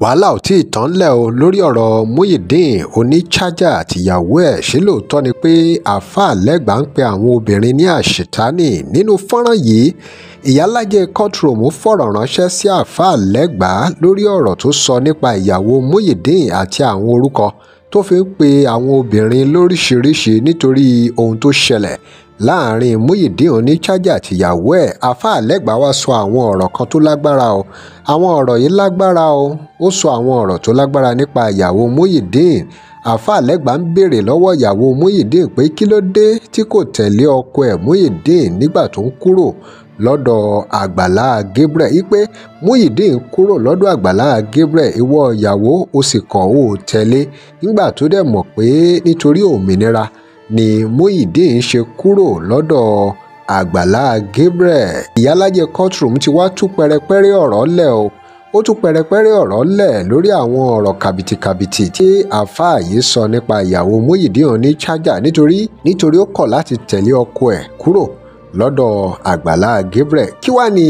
wàhálà ò tí ì tán lẹ̀ o lórí ọ̀rọ̀ Muyideen oníchájà àtìyàwó ẹ̀ ṣé lóòótọ́ ni pé àáfàá lẹ́gbà ń pe àwọn obìnrin ní àṣetánì nínú fọ́nrán yìí ìyálájẹ courtroom fọ̀rọ̀ ránṣẹ́ sí àáfàá lẹ́gbà lórí ọ̀rọ̀ tó sọ nípa ìyàwó Muyideen àti àwọn orúkọ tó fi ń pe àwọn obìnrin lóríṣiríṣi nítorí ohun tó ṣẹlẹ̀ láàrin Muyideen Oníṣájà àtìyàwó ẹ̀ àfáà Lẹ́gbàá wá sọ àwọn ọ̀rọ̀ kan tó lágbára o àwọn ọ̀rọ̀ yìí lágbára o ó sọ àwọn ọ̀rọ̀ tó lágbára nípa ìyàwó Muyideen àfáà Lẹ́gbàá ń béèrè lọ́wọ́ ìyàwó Muyideen pé kí ló dé tí kò tẹ̀lé ọkọ ẹ̀ Muyideen nígbà tó ń kúrò lọ́dọ̀ àgbàlá Gabriel ipe Muyideen kúrò lọ́dọ̀ àgbàlá Gabriel ìwọ ìyàwó o sì kàn ó tẹ̀lé nígbà tó dẹ̀ mọ̀ pé nítorí òmìnira ni Muyideen ṣe kúrò lọ́dọ̀ Àgbàlá Gabriel Ìyálájẹ courtroom ti wá tú pẹrẹpẹrẹ ọ̀rọ̀ lẹ̀ o ó tú pẹrẹpẹrẹ ọ̀rọ̀ lẹ̀ lórí àwọn ọ̀rọ̀ kàbìtìkàbìtì tí àáfàá yìí sọ nípa ìyàwó Muyideen ní Chaja nítorí nítorí ó kọ̀ láti tẹ̀lé ọkọ ẹ̀ kúrò lọ́dọ̀ Àgbàlá Gabriel kí wàá ní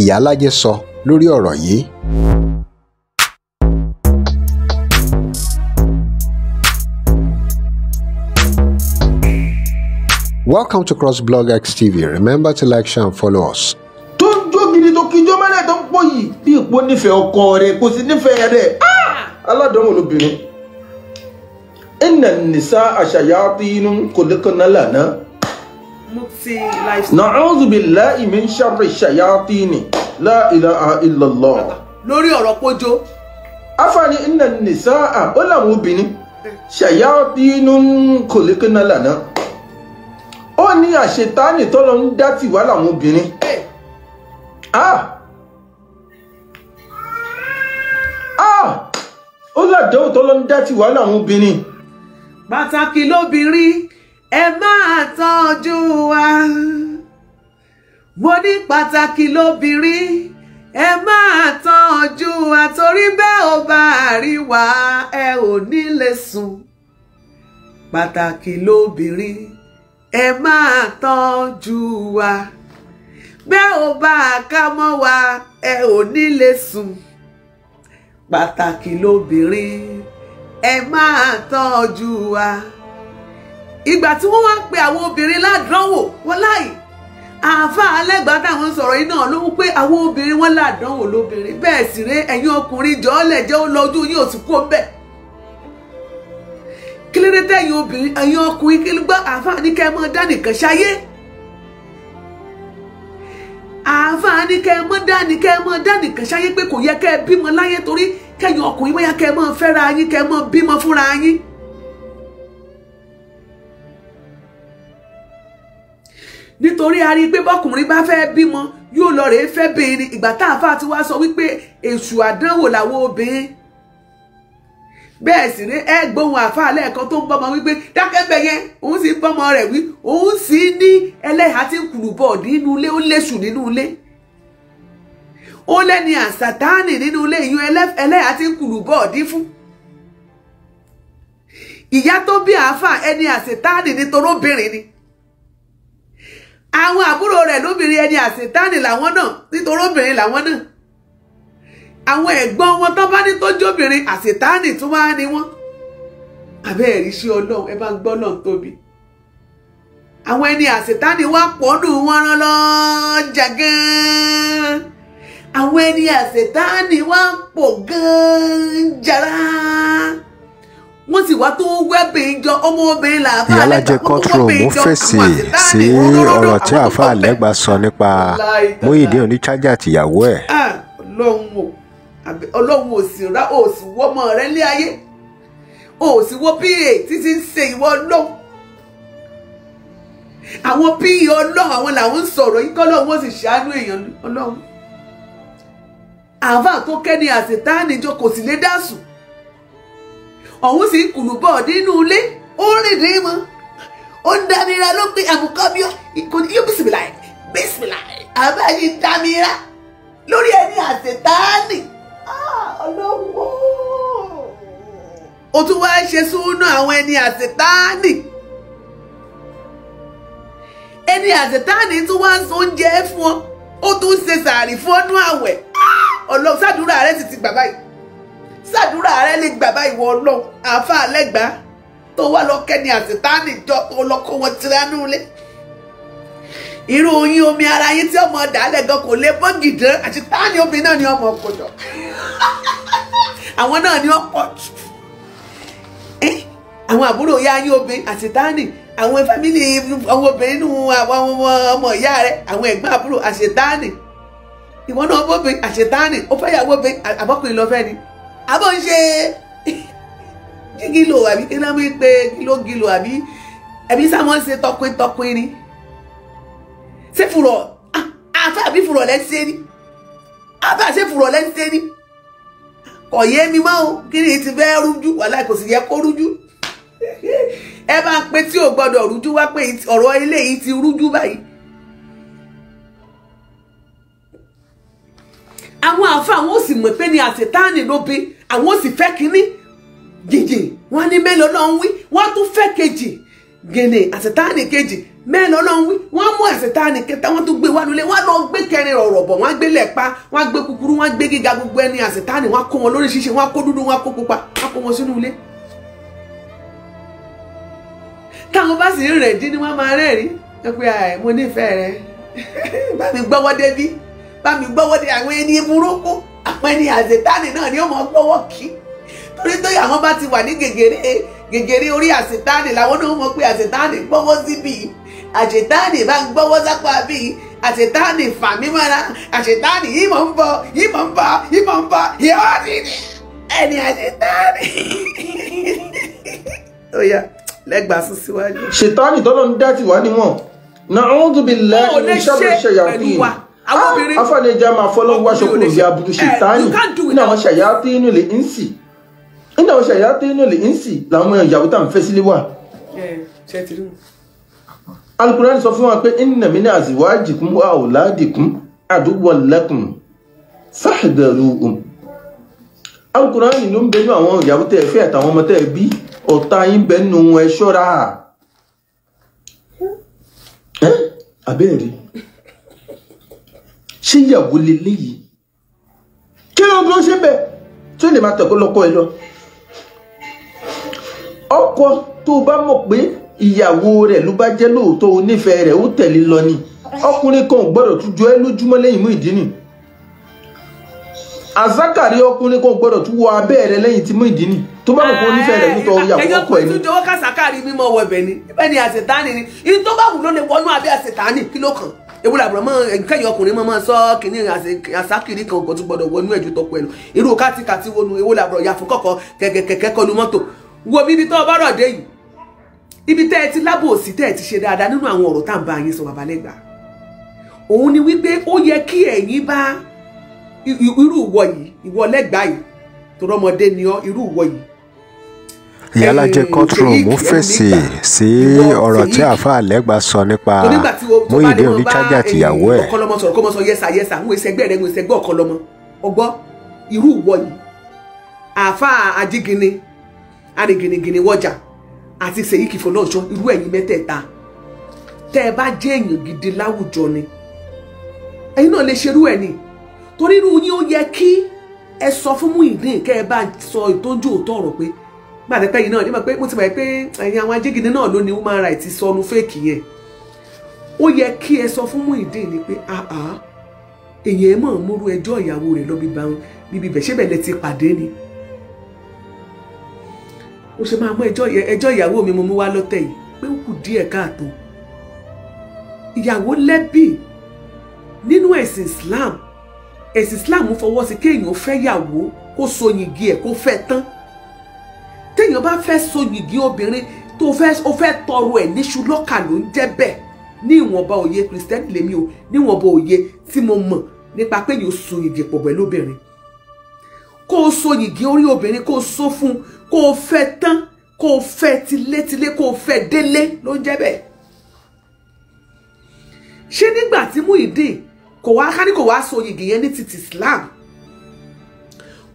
Ìyálájẹ sọ lórí ọ̀rọ̀ yìí. Welcome to crossblog XTV. Remember to like, share, and follow us. tó ń jó gidi tó kíjọ́ mẹ́rẹ̀ tó ń pọ̀ yìí bí ìpò nífẹ̀ẹ́ ọkọ rẹ̀ kò sí nífẹ̀ẹ́ rẹ̀ ah! aládùnmọ̀ lóbìnrin. Inna nisa ashayatinu kulikuna lana. Mukti lifestyle. Na'udhu billahi min sharri shayatini. La ilaha illallah. Lórí ọ̀rọ̀ pójó. Afáàní inna nisa ó làwọn obìnrin. Shayatinu kulikuna lana ó ní àṣetánì tó lọ ń dá tìwá làwọn obìnrin ah ah ó làdéhùn tó lọ ń dá tìwá làwọn obìnrin. pàtàkì lóbìnrin ẹ máa tọ́jú wa mo ní pàtàkì lóbìnrin ẹ máa tọ́jú wa torí bẹ́ẹ̀ ò bá rí wa ẹ ò ní lè sùn pàtàkì lóbìnrin. ẹ máa tọ́jú wa bẹ́ ò bá a ká mọ́ wa ẹ ò ní lè sùn pàtàkì lóbìnrin ẹ máa tọ́jú wa ìgbà tí wọ́n wá pe àwọn obìnrin ládánwò wọ́n láì àáfà alẹ́gbàá táwọn sọ̀rọ̀ iná ló wú pé àwọn obìnrin wọn ládánwò lóbìnrin bẹ́ẹ̀ sì ré ẹ̀yin ọkùnrin jọ́ọ́lẹ̀ jẹ́ ó lọ́jú yín ò sì kó bẹ́ẹ̀ kí ló dé tẹ̀yìn obìnrin ẹ̀yin ọkùnrin kí ló gbọ́ àǹfààní kẹ́ ẹ mọ́ dánìkan ṣayé àǹfààní kẹ́ ẹ mọ́ dání kẹ́ ẹ mọ́ dání kan ṣáyé pé kò yẹ kẹ́ ẹ bímọ láyé torí kẹ́yìn ọkùnrin bóyá kẹ́ ẹ mọ́ fẹ́ra yín kẹ́ ẹ mọ́ bímọ fúnra yín. nítorí a rí i pé bọ́kùnrin bá fẹ́ bímọ yóò lọ rèé fẹ́ bèèrè ìgbà tá a ti wá sọ wípé èṣù àdánwò làwọn obìnrin bẹ́ẹ̀ sì ni ẹ gbóhùn àfáà lẹ́ẹ̀kan tó ń bọ́mọ wípé dákẹ́bẹ̀ yẹn òun sì ń bọ́mọ rẹ̀ wí òun sì ní ẹlẹ́yà tí ń kùrùbọ̀ nínú ilé ó léṣù nínú ilé ó lẹ́ni àsàtáànì nínú ilé ìyún ẹlẹ́yà tí ń kùrùbọ̀ dín fún ìyá tó bí àáfà ẹni àsètáànì nítorí obìnrin ni àwọn àbúrò rẹ̀ lóbìnrin ẹni àsètáànì làwọn náà nítorí obìnrin làwọn náà àwọn ẹ̀gbọ́n wọn tó bá ní tó jóbìnrin àṣetánì tó wá ní wọn àbẹ́ ẹ̀rí sí ọlọ́run ẹ bá ń gbọ́ náà tóbi àwọn ẹni àṣetánì wá pọ̀nù wọn rán lọ́jà àwọn ẹni àṣetánì wá pọ̀ gan jàrá wọ́n sì wá tó wẹ́bìn jọ ọmọbìnrin làbá Ìyálájẹ courtroom fèsì sí ọ̀rọ̀ tí àáfàá Legba sọ nípa Muyideen Oníchájà àtìyàwó ẹ̀. Ah, ọlọ́run ò ọlọ́run ò sì rá ò sì wọ́ ọmọ rẹ lé ayé ò sì wọ́ pa títí ń ṣe ìwọ ọlọ́run àwọn pa ọlọ́run àwọn làwọn ń sọ̀rọ̀ yìí kọ́lọ́run ó sì ṣàánú èèyàn ọlọ́run àáfà tó kẹ́ni àṣetáàní jọ kò sì lè dá sùn òun sì ń kùnú bọ̀ nínú ilé ó rìn dé mọ́ ó ń dámira ló pé àbùkọ́ mi kò ní yóò bísìmìlà bísìmìlà àbáyé dámira lórí ẹni àṣetáàní olówó. o tún wá ṣe súnú àwọn ẹni àṣetánì ẹni àṣetánì tún wá ń sọ oúnjẹ fún ọ ó tún ṣe sàárì fún ọdún àwẹ̀ ọlọ́run sàdúrà rẹ sì ti gbà báyìí sàdúrà rẹ lè gbà báyìí wọ ọlọ́run àáfàá lẹ́gbàá tó wá lọ kẹ́ni àṣetánì jọ ọlọ́kọ wọn tirẹ̀ nulẹ̀ irú oyin omi ara yín tí ọmọ dàálẹ̀ gan kò lè bọ́ gìdán àti táàní obìnrin náà ni ọmọ kò jọ àwọn náà ni wọ́n pọ̀ jù àwọn àbúrò ìyá yín obìnrin àti táàní àwọn fámìlì ọmọ obìnrin nù àwọn ọmọ ìyá rẹ àwọn ẹ̀gbọ́n àbúrò àti táàní ìwọ náà bóbin àṣetáàní ó fẹ́yàwó bin àbọ́kùnrin lọ fẹ́ ni àbọ̀ ń ṣe gígìlò àbí kí ló ń pè gílógìlò àbí ẹbí sáwọn ṣe tọkùntọkùn ni ṣé fùrọ̀ àfẹ́ ah, àbí fùrọ̀ lẹ́ ń ṣe ni àfẹ́ àṣẹ fùrọ̀ lẹ́ ń ṣe ni kò yé mi mọ́ o kí ni ti fẹ́ rújú wàhálà kò sì yẹ kó rújú ẹ máa pe tí ò gbọdọ̀ rújú wá pé ọ̀rọ̀ eléyìí ti rújú báyìí àwọn àfa àwọn ò sì mọ̀ pé ní àṣetáàní ló bí àwọn ò sì fẹ́ kínní jìnjìn wọn ní mélòó náà ń wí wọn tún fẹ́ kejì gèlè àṣetáàní kejì mẹ́rin ọlọ́run wí wọ́n mú ẹ̀sìn tá a nìkan tá wọ́n tún gbé wá nulẹ̀ wọ́n lọ gbé kẹrin ọ̀rọ̀ bọ̀ wọ́n gbé lẹ́pa wọ́n gbé kúkúrú wọ́n gbé gíga gbogbo ẹni ẹ̀sìn tá a nì wọ́n kó wọn lórí ṣíṣe wọ́n kó dúdú wọ́n kó pupa wọ́n kó wọn sínú ilé. táwọn bá sì rẹ̀ dín ni wọ́n máa rẹ́rìn ẹ pé ẹ mo nífẹ̀ẹ́ rẹ bá mi gbọ́wọ́ débi bá mi gbọ́wọ́ dé àwọn ẹni burúkú àwọn ẹni àṣetánì náà ni ó mọ gbọ́wọ́ kí torí tó yà wọ́n bá ti wà ní gègéré gègéré orí àṣetánì làwọn náà mọ̀ pé àṣetánì gbọ́wọ́ síbi yìí àṣetáàní bá ń gbọ́wọ́ sápá bí àṣetáàní fà mí mọ́ra àṣetáàní yìí mọ̀ ń bọ̀ yìí mọ̀ ń bọ̀ yìí mọ̀ ń bọ̀ yóò rí ni ẹni àṣetáàní. ó yá lẹ́gbàá sún síwájú. ṣètáàní tọ́lọ́ ń dá tiwa níwọ̀n na'udhu billahi min sharri shayatin afọ́nìjà máa fọ́lọ́ wáṣọ kúrò ní aburú ṣètáàní ní àwọn shayatin ah, lè ń sì ní àwọn shayatin lè ń sì làwọn ìyàwó tá à ń fẹ́ sílé wà. Eh, ṣé ti rí mi alukurani sọ fún wa pé inna min azwajikum wa auladikum aduwwan lakum fahdaruhum alukurani ló ń bẹnu àwọn ìyàwó tẹ́ ẹ fẹ́ àtàwọn ọmọ tẹ́ ẹ bí ọ̀tá yín bẹnu ẹ ṣọ́ra ẹ abẹ́rẹ́ ṣé ìyàwó lélẹ́yìí kí ló ló ṣe bẹ́ẹ̀ tí ó lè máa tẹ̀kọ́ lọ́kọ́ ẹ lọ ọkọ tó o bá mọ̀ pé ìyàwó rẹ̀ ló bá jẹ́ lóòótọ́ onífẹ̀ẹ́ rẹ̀ ó tẹ̀lé lọ ni ọkùnrin kan ò gbọ́dọ̀ tún jọ ẹ́ lójúmọ́ lẹ́yìn Muyideen azakari ọkùnrin kan gbọ́dọ̀ tún wọ abẹ́ rẹ̀ lẹ́yìn tí Muyideen tó bá kò nífẹ̀ẹ́ rẹ̀ nítorí ìyàwó ọkọ ẹ̀ ni. ẹjọ́ kò tún jọwọ́ kásàkárì mímọ ọwọ́ ẹ̀bẹ̀ ni bẹ́ẹ̀ ni àṣetánì ni ìyí tó bá wù ló lè wọnú abẹ́ àṣetánì kí ló kàn ewúrẹ́ àbúrò mọ́ kẹ́yìn ọkùnrin mọ́ máa sọ kìíní àṣàkìíní kan kò tún gbọ́dọ̀ wọnú ẹ̀jú tọpọ̀ ẹ̀ lọ irú kátikàti wọnú ewúrẹ́ àbúrò yàfọ́ kọ̀kọ́ kẹ̀kẹ́ kọlu mọ́tò wo bíbi tó o bá rọ̀ dé yìí ibi tẹ́ ẹ ti lábòsí tẹ́ ẹ ti ṣe dáadáa nínú àwọn ọ̀rọ̀ tá à ń bá yín sọ bàbá lẹ́gbà òun ni wípé ó yẹ kí ẹ̀yin bá irú ìwọ yìí ìwọ lẹ́gbàá yìí torọ́mọdé ni ọ irú ìwọ yìí ìyálàjẹ courtroom fèsì sí ọ̀rọ̀ tí àáfàá Legba sọ nípa Muyideen oníṣájà tìyàwó ẹ̀. ọkọlọmọ sọ̀rọ̀ kọmọ sọ yẹsà yẹsà ń wèsì ẹgbẹ́ rẹ̀ ń wèsì ẹgbẹ́ ọkọlọmọ ọgbọ́ irú ìwọ yìí àáfàá ajígini anìgìnìgìnì wọjà àti Ṣèyí Kìfọ náà ṣọ irú ẹ̀yin mẹ́tẹ̀ẹ̀ta tẹ́ ẹ bá jẹ́ èèyàn gidi láwùjọ ni ẹ̀yin náà lè ṣerú ẹ̀ ni torí irú yín ó yẹ kí ẹ sọ fún Muyideen kẹ́ ẹ bá sọ ìtọ́jú òótọ́ ọ̀rọ̀ pé gbàdẹ́pẹ́ yìí náà nígbà pé mo ti mọ̀ pé ẹ̀yin àwọn ajégidé náà ló ní human rights sọnù fẹ́ẹ̀kì yẹn ó yẹ kí ẹ sọ fún Muyideen ni pé èèyàn ẹ mọ̀ múrú ẹjọ́ ìyàwó rẹ̀ lọ bíbá bíbí bẹ̀ ṣé bẹ̀ lẹ ti pàdé ni ó ṣe máa mú ẹjọ́ ìyàwó mi mo mú wá lọ́tẹ̀ yìí pé ó kù díẹ̀ káàtó ìyàwó lẹ́bí nínú ẹ̀sìn Islam ẹ̀sìn Islam fọwọ́ sí kéèyàn fẹ́ yàwó kó so yìgì ẹ̀ kó fẹ́ tán téèyàn bá fẹ́ so yìgì obìnrin tó o fẹ́ tọrọ ẹ̀ níṣu lọ́kà ló ń jẹ́ bẹ́ẹ̀ ní ìwọ̀nba òye Kristẹni lèmi o níwọ̀nba òye tí mo mọ̀ nípa pé yóò so pọ̀ pẹ̀lú obìnrin kó o so yìgì orí obìnrin kó o so fún un kó o fẹ́ tán kó o fẹ́ tilétilé kó o fẹ́ délé ló ń jẹ́ bẹ́ẹ̀ ṣé nígbà tí Muyideen kò wá ká ní kò wá so yìgì yẹn ní titi Islam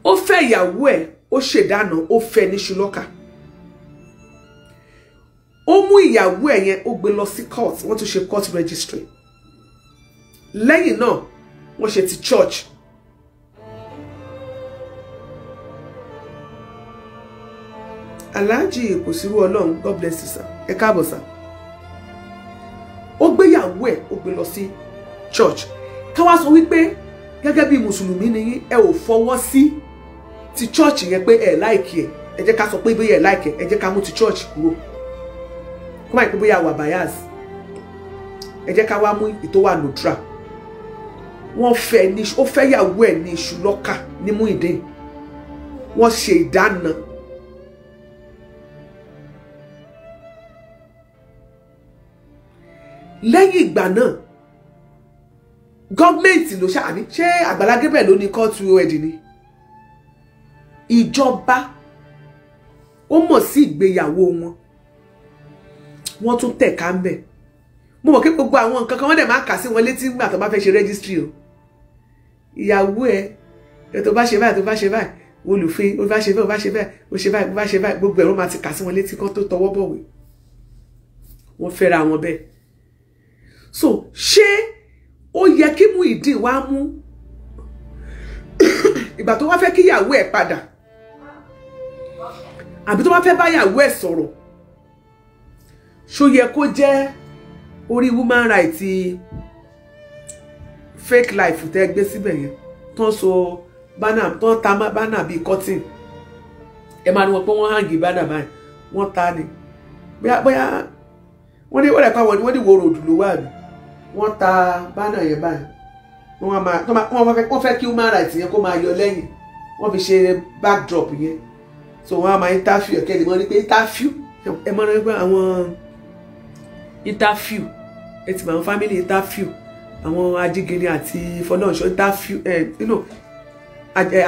ó fẹ́ ìyàwó ẹ̀ ó ṣèdáná ó fẹ́ ní ṣùlọ́kà ó mú ìyàwó ẹ̀ yẹn ó gbé lọ sí court wọ́n tún ṣe court registry lẹ́yìn náà wọ́n ṣe ti church aláàjì kò sírú ọlọ́run god bless you sir ẹ káàbọ̀ sir ó gbéyàwó ẹ̀ ó gbé lọ sí church káwá sọ wípé gẹ́gẹ́ bí mùsùlùmí ni yín ẹ ò fọwọ́ sí ti church yẹn pé ẹ láìkì ẹ ẹ jẹ́ ká sọ pé bóyá ẹ láìkì ẹ ẹ jẹ́ ká mú ti church kúrò kó má yẹ pé bóyá wà bias ẹ jẹ́ ká wá mú ètò wà nùtúrà wọ́n fẹ́ ní ó fẹ́ yàwó ẹ̀ ní iṣu lọ́kà ní Muyideen wọ́n ṣe ìdáná lẹ́yìn ìgbà náà gọ́ọ̀mẹ̀ntì ló ṣáà ní ṣé Àgbàlá Gabriel ló ní kóòtù ẹ̀dì ni ìjọba ó mọ̀ sí ìgbéyàwó wọn wọ́n tún tẹ̀ka ń bẹ̀ mo mọ̀ kí gbogbo àwọn nǹkan kan wọ́n dẹ̀ máa kà sí wọn létí nígbà tó bá fẹ́ ṣe rẹ́gísítírì o ìyàwó ẹ ẹ tó bá ṣe báyìí tó bá ṣe báyìí olùfin ó bá ṣe báyìí ó bá ṣe báyìí ó ṣe báyìí ó bá ṣe báyìí gbogbo ẹ̀rọ máa ti kà sí wọn létí kán tó tọwọ́ bọ̀wé wọ́n fẹ́ra wọn bẹ́ẹ̀ so ṣé ó yẹ kí Muyideen wá mú ìgbà tó wá fẹ́ kíyàwó ẹ̀ padà àbí tó wá fẹ́ báyàwó ẹ̀ sọ̀rọ̀ ṣó yẹ kó jẹ́ orí woman right fake life tẹ́ gbé síbẹ̀ yẹn tán so bánà tán ta bánà bíi cotton ẹ máa ní wọn pé wọ́n hàngì bánà báyìí wọ́n ta ni bóyá bóyá wọ́n ní wọ́n pa wọ́n ní wọ́n ní wo ròdù ló wà ní wọ́n ta bánà yẹn báyìí wọ́n máa wọ́n fẹ́ kí human rights yẹn kó máa yọ lẹ́yìn wọ́n fi ṣe backdrop yẹn so wọ́n á máa interview ẹ̀kẹ́lẹ́ mọ́ ni pé interview ẹ mọ́ ní pé àwọn interview ẹ ti mọ àwọn family interview àwọn ajígiri àti fọlọ́ọ̀ṣọ́ interview ẹ nínú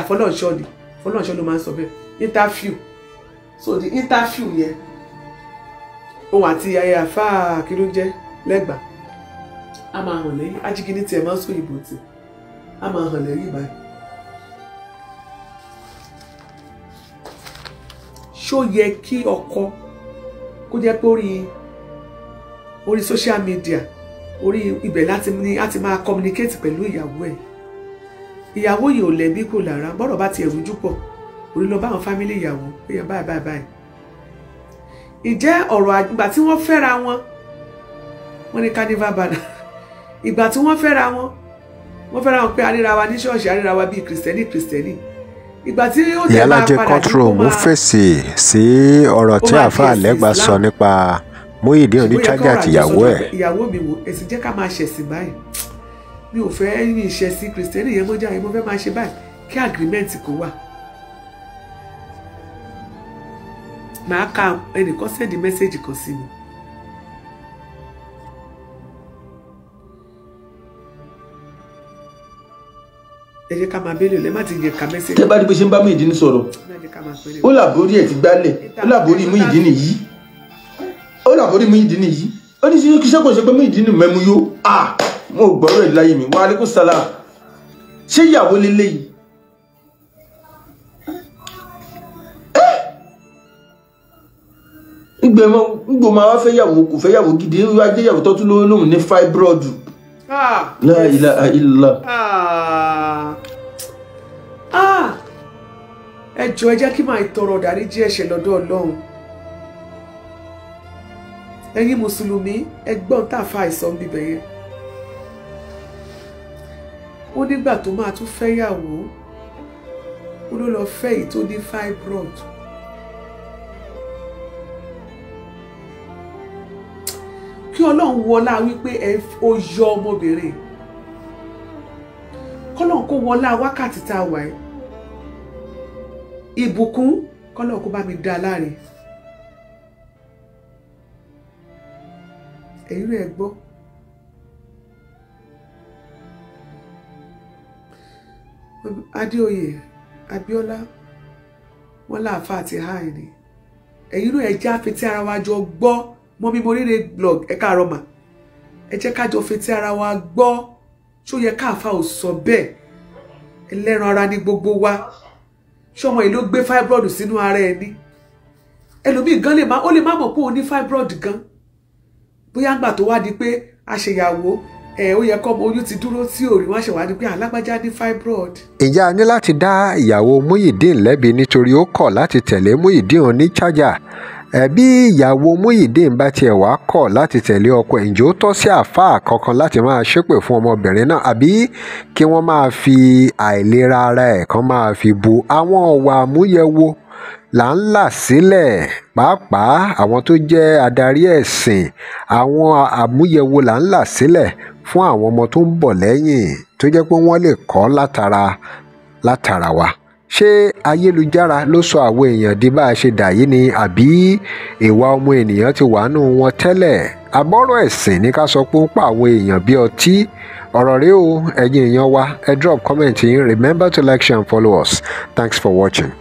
àfọlọ́ọ̀ṣọ́ ni fọlọ́ọ̀ṣọ́ ló máa ń sọ bẹ́ẹ̀ interview so the interview yẹn òun àti ayé àfáà kí ló jẹ́ lẹ́gbàá a máa hàn lẹ́yìn ajígini tiẹ̀ máa ń sọ ìbò tì a máa hàn lẹ́yìn báyìí. ṣó yẹ kí ọkọ kó jẹ́ pé orí orí social media orí ibẹ̀ láti ní láti máa communicate pẹ̀lú ìyàwó ẹ̀ ìyàwó yìí ò lẹ́bí kò lára bọ́rọ̀ bá tiẹ̀ rújú pọ̀ orí lọ bá àwọn fámílì ìyàwó pé yẹn báyìí báyìí báyìí ìjẹ́ ọ̀rọ̀ àgbà tí wọ́n fẹ́ra wọn wọ́n ní carnival banner ìgbà tí wọ́n fẹ́ra wọn wọ́n fẹ́ra wọn pé aríra wa ní ṣọ́ọ̀ṣì aríra wa bíi kìrìsìtẹ́nì kìrìsìtẹ́nì ìgbà tí ó dẹ̀ máa padà ní kó máa. ìyálàjẹ courtroom fèsì sí ọ̀rọ̀ tí àáfàá lẹ́gbà sọ nípa Muyideen Oníṣájà àtìyàwó ẹ̀. ìyàwó mi wò èsì jẹ́ ká máa ṣẹ̀sìn báyìí mi ò fẹ́ yín ìṣẹ̀sìn kìrìsìtẹ́nì yẹn mọ́jà yẹn mo fẹ́ máa ṣe báyìí kí agreement kó wà. màá ka ẹnìkan sẹ́ndì mẹ́sẹ́jì kan sí mi ẹ jẹ́ ká máa bẹ́lẹ̀ lẹ́ má ti yẹ ká mẹ́sẹ̀. tẹ́ bá rí bó ṣe ń bá Muyideen sọ̀rọ̀ ó làbórí ẹ̀ ti gbálẹ̀ ó làbórí Muyideen yìí ó làbórí Muyideen yìí ó ní sísú kíṣẹ́ kò ṣe pé Muyideen mẹ́mu yó à mo gbọ́rọ̀ ẹ̀ láyé mi wa alaikum salam ṣé ìyàwó lélẹ́yìí ngbẹ̀mọ̀ ngbọ̀mọ̀ àwọn afẹ́yàwó kò fẹ́yàwó gidi wájú ìyàwó tó tún lóhùn ní fáibúrọ́dù Ah. la ilaha illa. Ah. Ah. ẹ jọ̀ọ́ ẹ jẹ́ kí màá tọrọ ìdáríjì ẹ̀ṣẹ̀ lọ́dọ̀ Ọlọ́run ẹ̀yin mùsùlùmí ẹgbọ́n tá fa àìsàn bíbẹ̀ yẹn ó nígbà tó máa tún fẹ́yàwó ó ló lọ fẹ́ èyí tó ní fibroid kí ọlọ́run wọlá wípé ẹ ó yọ ọmọbìnrin kọ́lọ́run kó wọlá wákàtí tá a wà ẹ́ ìbùkún kọ́lọ́run kó bá mi dá a láre èyí rẹ̀ gbọ́. Adéoyè Abíọ́lá wọn láàfáà ti háì ni èyí rẹ̀ já fi ara wa jọ gbọ́ mọ́mí moríire blog ẹ káàárọ̀ mà ẹ jẹ́ kájọ fetí ara wa gbọ́ ṣó yẹ káàfa ò sọ bẹ́ẹ̀ ẹlẹ́ran ara ni gbogbo wa ṣọmọ yìí ló gbé fibroid sínú ara ẹ ní ẹlòmíì gan lè má ó lè má mọ̀ pé òun ní fibroid gan bóyá ńgbà tó wá di pé àṣeyàwó ẹ ó yẹ kọ́mọ oyún ti dúró sí òrì wọn ṣèwádìí pé alágbájá ní fibroid. ìyá ní láti dá ìyàwó Muyideen lẹ́bi nítorí ó kọ̀ láti tẹ̀lé Muyideen charger ẹbí ìyàwó Muyideen bá tiẹ̀ wá kọ̀ láti tẹ̀lé ọkọ ẹ̀ ǹjẹ́ ó tọ́ sí àáfàá kankan láti máa ṣépè fún ọmọbìnrin náà àbí kí wọ́n máa fi àìlera ara ẹ̀ kan máa fi bu àwọn ọ̀wà àmúyẹ̀wò là ń là sílẹ̀ pàápàá àwọn tó jẹ́ adarí ẹ̀sìn àwọn àmúyẹ̀wò là ń là sílẹ̀ fún àwọn ọmọ tó ń bọ̀ lẹ́yìn tó jẹ́ pé wọ́n lè kọ́ látara látara wa ṣé ayélujára ló sọ àwọn èèyàn di bá a ṣe dà yìí ni àbí ìwà ọmọ ènìyàn ti wà nù wọn tẹ́lẹ̀ abọ́rọ̀ ẹ̀sìn ní ká sọ pé ó pa àwọn èèyàn bí ọtí ọ̀rọ̀ rèé o ẹ̀yin èèyàn wa ẹ drop comment yín remember to like share and follow us thanks for watching.